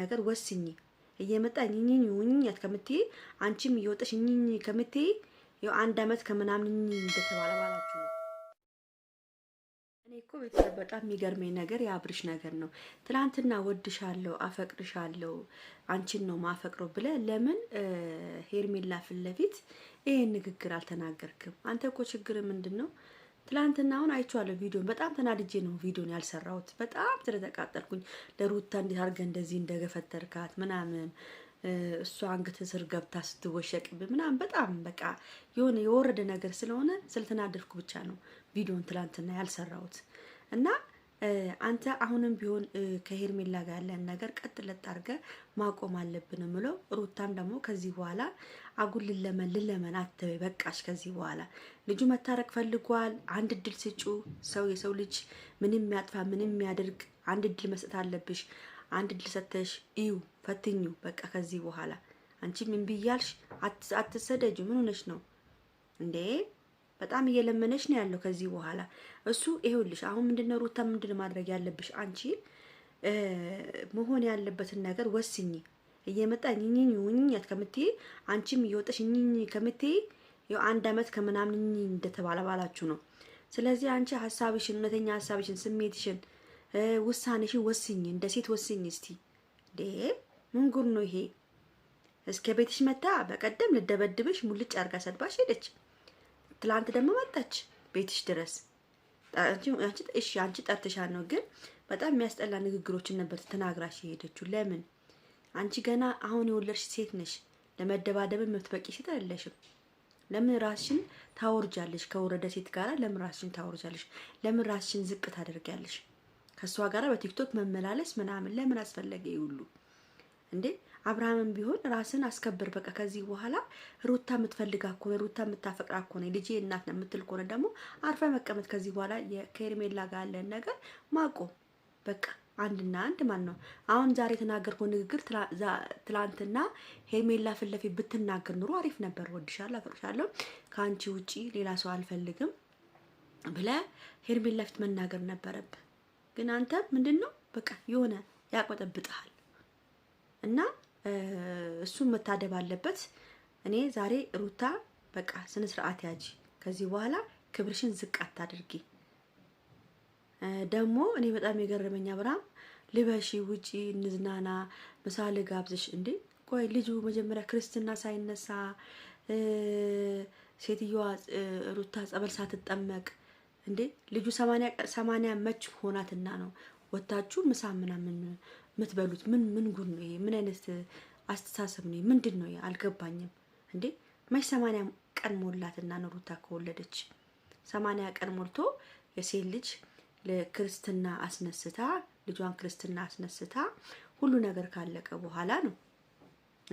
ነገር ወስኝ እየመጣ ኝኝ ውኝኛት ከምትይ አንቺም እየወጠሽ ኝኝ ከምትይ ያው አንድ አመት ከምናምን ኝኝ እንደተባለ ባላችሁ ነው። እኔ እኮ ቤተሰብ በጣም የሚገርመኝ ነገር የአብርሽ ነገር ነው። ትናንትና ወድሻለሁ፣ አፈቅርሻለሁ፣ አንቺን ነው ማፈቅረው ብለ ለምን ሄርሜላ ፊት ለፊት ይሄን ንግግር አልተናገርክም? አንተ እኮ ችግር ምንድን ነው? ትላንትና አሁን አይቼዋለሁ ቪዲዮን። በጣም ተናድጄ ነው ቪዲዮን ያልሰራሁት፣ በጣም ስለተቃጠልኩኝ። ለሩታ እንዴት አድርገህ እንደዚህ እንደገፈተርካት ምናምን እሷ አንገት ስር ገብታ ስትወሸቅብ ምናምን በጣም በቃ የሆነ የወረደ ነገር ስለሆነ ስለተናደድኩ ብቻ ነው ቪዲዮን ትላንትና ያልሰራሁት እና አንተ አሁንም ቢሆን ከሄርሜላ ጋር ያለን ነገር ቀጥ ለጥ ማቆም አለብን ምለው። ሩታም ደግሞ ከዚህ በኋላ አጉል ልለመን ልለመን አትበይ፣ በቃሽ። ከዚህ በኋላ ልጁ መታረቅ ፈልጓል። አንድ እድል ስጩ። ሰው የሰው ልጅ ምንም ያጥፋ ምንም የሚያደርግ አንድ እድል መስጠት አለብሽ። አንድ እድል ሰተሽ እዩ፣ ፈትኙ። በቃ ከዚህ በኋላ አንቺ ምን ብያልሽ? አትሰደጁ። ምን ሆነሽ ነው እንዴ? በጣም እየለመነች ነው ያለው። ከዚህ በኋላ እሱ ይሄውልሽ፣ አሁን ምንድነው ሩታ፣ ምንድነው ማድረግ ያለብሽ አንቺ መሆን ያለበትን ነገር ወስኝ። እየመጣ ኝኝ ውኝኛት ከምትይ አንቺም እየወጣሽ ኝኝ ከምትይ ያው አንድ አመት ከምናምን እንደተባለ ባላችሁ ነው። ስለዚህ አንቺ ሀሳብሽን፣ እውነተኛ ሀሳብሽን፣ ስሜትሽን፣ ውሳኔሽን ወስኝ፣ እንደ ሴት ወስኝ። እስቲ ዴ ምን ጉር ነው ይሄ? እስከ ቤትሽ መታ በቀደም ልደበድብሽ ሙልጭ አርጋ ሰድባሽ ሄደች። ትላንት ደግሞ መጣች ቤትሽ ድረስ እሺ አንቺ ጠርተሻ ነው፣ ግን በጣም የሚያስጠላ ንግግሮችን ነበር ተናግራሽ የሄደችው። ለምን አንቺ ገና አሁን የወለድሽ ሴት ነሽ፣ ለመደባደብ የምትበቂ ሴት አይደለሽም። ለምን ራስሽን ታወርጃለሽ? ከወረደ ሴት ጋር ለምን ራስሽን ታወርጃለሽ? ለምን ራስሽን ዝቅ ታደርጊያለሽ? ከእሷ ጋር በቲክቶክ መመላለስ ምናምን ለምን አስፈለገ ይሁሉ? እንዴ አብርሃምም ቢሆን ራስን አስከብር። በቃ ከዚህ በኋላ ሩታ የምትፈልጋ ከሆነ ሩታ የምታፈቅራ ከሆነ ልጅ እናት ነው የምትል ከሆነ ደግሞ አርፈ መቀመጥ። ከዚህ በኋላ ከኤርሜላ ጋር ያለን ነገር ማቆም በቃ አንድና አንድ ማን ነው። አሁን ዛሬ የተናገርከው ንግግር ትላንትና ሄርሜላ ፊት ለፊት ብትናገር ኑሮ አሪፍ ነበር። ወድሻለሁ፣ አፈቅርሻለሁ፣ ከአንቺ ውጪ ሌላ ሰው አልፈልግም ብለ ሄርሜላ ፊት መናገር ነበረብ። ግን አንተ ምንድን ነው በቃ የሆነ ያቆጠብጥሃል። እና እሱን መታደብ አለበት። እኔ ዛሬ ሩታ በቃ ስነ ስርዓት ያጂ፣ ከዚህ በኋላ ክብርሽን ዝቅ አታድርጊ። ደግሞ እኔ በጣም የገረመኝ አብርሃም ልበሺ፣ ውጪ፣ ንዝናና ምሳ ልጋብዝሽ። እንዴ ቆይ ልጁ መጀመሪያ ክርስትና ሳይነሳ ሴትዮዋ ሩታ ጸበል ሳትጠመቅ እንዴ ልጁ ሰማንያ መች ሆናትና ነው ወታችሁ ምሳ ምናምን የምትበሉት ምን ምን ጉድ ነው ይሄ? ምን አይነት አስተሳሰብ ነው? ምንድን ነው አልገባኝም። እንዴ መች ሰማንያ ቀን ሞላትና ነው ሩታ ከወለደች ሰማንያ ቀን ሞልቶ የሴት ልጅ ለክርስትና አስነስታ ልጇን ክርስትና አስነስታ ሁሉ ነገር ካለቀ በኋላ ነው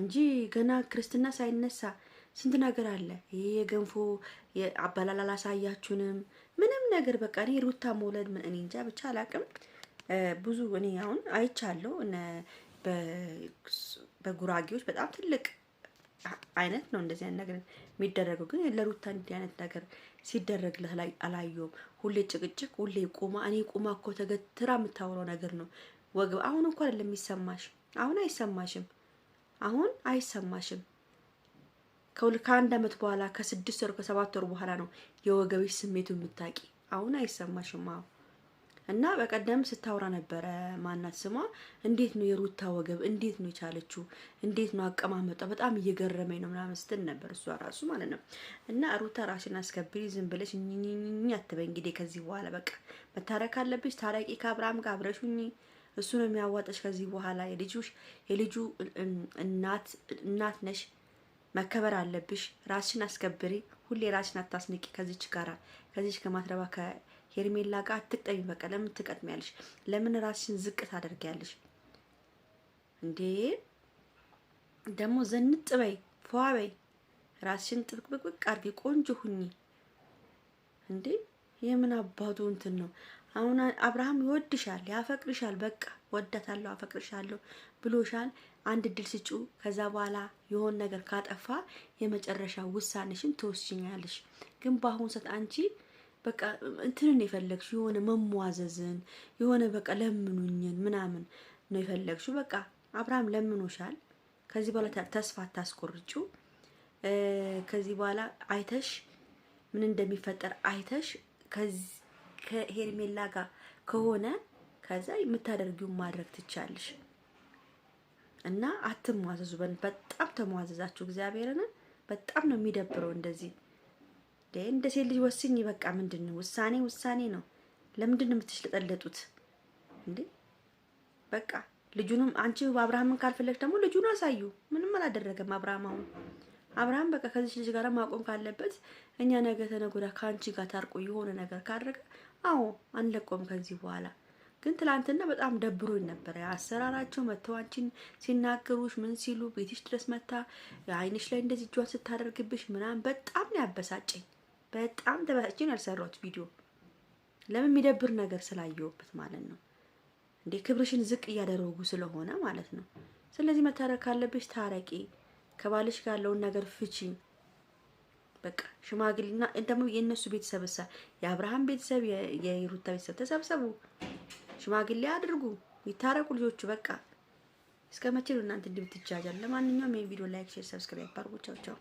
እንጂ ገና ክርስትና ሳይነሳ ስንት ነገር አለ። ይሄ የገንፎ አበላል አላሳያችሁንም ምንም ነገር በቃ እኔ ሩታ መውለድ ምን እኔ እንጃ ብቻ አላቅም። ብዙ እኔ አሁን አይቻለሁ በጉራጌዎች በጣም ትልቅ አይነት ነው እንደዚህ አይነት ነገር የሚደረገው። ግን ለሩታ እንዲህ አይነት ነገር ሲደረግ ላይ አላየውም። ሁሌ ጭቅጭቅ፣ ሁሌ ቁማ። እኔ ቁማ እኮ ተገትራ የምታውረው ነገር ነው ወግብ። አሁን እንኳን አይደለም የሚሰማሽ፣ አሁን አይሰማሽም፣ አሁን አይሰማሽም። ከአንድ አመት በኋላ ከስድስት ወር ከሰባት ወር በኋላ ነው የወገብሽ ስሜቱ የምታውቂ። አሁን አይሰማሽም። አሁን እና በቀደም ስታውራ ነበረ ማናት ስሟ፣ እንዴት ነው የሩታ ወገብ እንዴት ነው የቻለችው፣ እንዴት ነው አቀማመጧ፣ በጣም እየገረመኝ ነው ምናምን ስትል ነበር እሷ ራሱ ማለት ነው። እና ሩታ ራሽን አስከብሪ፣ ዝም ብለሽ ኝኝኝ አትበይ። እንግዲህ ከዚህ በኋላ በቃ መታረቅ አለብሽ። ታረቂ ከአብርሃም ጋር አብረሹኝ፣ እሱ ነው የሚያዋጠሽ ከዚህ በኋላ። የልጁ የልጁ እናት እናት ነሽ መከበር አለብሽ። ራሽን አስከብሪ። ሁሌ ራሽን አታስንቂ። ከዚች ጋራ ከዚች ከማትረባ ሄርሜላ ጋር አትቅጠሚ። በቃ ለምን ትቀጥሚያለሽ? ለምን ራስሽን ዝቅ ታደርጊያለሽ? እንዴ ደግሞ ዘንጥ በይ፣ ፏ በይ፣ ራስሽን ጥብቅብቅብቅ አድርጊ፣ ቆንጆ ሁኚ። እንዴ የምን አባቱ እንትን ነው አሁን አብርሃም ይወድሻል፣ ያፈቅርሻል። በቃ ወዳታለሁ፣ አፈቅርሻለሁ ብሎሻል። አንድ እድል ስጩ። ከዛ በኋላ የሆን ነገር ካጠፋ የመጨረሻ ውሳኔሽን ትወስኛለሽ። ግን በአሁኑ ሰዓት አንቺ በቃ እንትንን የፈለግሽ የሆነ መሟዘዝን የሆነ በቃ ለምኑኝን ምናምን ነው የፈለግሽው። በቃ አብርሃም ለምኖሻል። ከዚህ በኋላ ተስፋ አታስቆርጩ። ከዚህ በኋላ አይተሽ ምን እንደሚፈጠር አይተሽ ከሄርሜላ ጋር ከሆነ ከዛ የምታደርጊውን ማድረግ ትቻለሽ። እና አትሟዘዙ። በጣም ተሟዘዛችሁ እግዚአብሔርን። በጣም ነው የሚደብረው እንደዚህ እንደ ሴት ልጅ ወስኝ በቃ ምንድን ነው ውሳኔ ውሳኔ ነው። ለምንድን ነው የምትሽለጠለጡት እንዴ? በቃ ልጁንም አንቺ አብርሃምን ካልፈለግሽ ደግሞ ልጁን አሳዩ። ምንም አላደረገም አብርሃም። አሁን አብርሃም በቃ ከዚች ልጅ ጋር ማቆም ካለበት እኛ ነገ ተነጎዳ ከአንቺ ጋር ታርቆ የሆነ ነገር ካደረገ አዎ አንለቆም ከዚህ በኋላ ግን ትላንትና በጣም ደብሮኝ ነበረ። አሰራራቸው መተው አንቺን ሲናገሩሽ ምን ሲሉ ቤትሽ ድረስ መታ አይንሽ ላይ እንደዚህ እጇን ስታደርግብሽ ምናምን በጣም ነው ያበሳጨኝ። በጣም ተበሳጭቼ ነው ያልሰራሁት ቪዲዮ ለምን የሚደብር ነገር ስላየሁበት ማለት ነው። እንዴ ክብርሽን ዝቅ እያደረጉ ስለሆነ ማለት ነው። ስለዚህ መታረቅ ካለብሽ ታረቂ፣ ከባልሽ ጋር ያለውን ነገር ፍቺ። በቃ ሽማግሌና ደግሞ የእነሱ ቤተሰብ እሳ የአብርሃም ቤተሰብ የሩታ ቤተሰብ ተሰብሰቡ፣ ሽማግሌ አድርጉ፣ ይታረቁ ልጆቹ። በቃ እስከ መቼ ነው እናንተ እንድትጃጃሉ? ለማንኛውም ይሄን ቪዲዮ ላይክ፣ ሼር፣ ሰብስክራይብ አድርጉ። ቻው ቻው።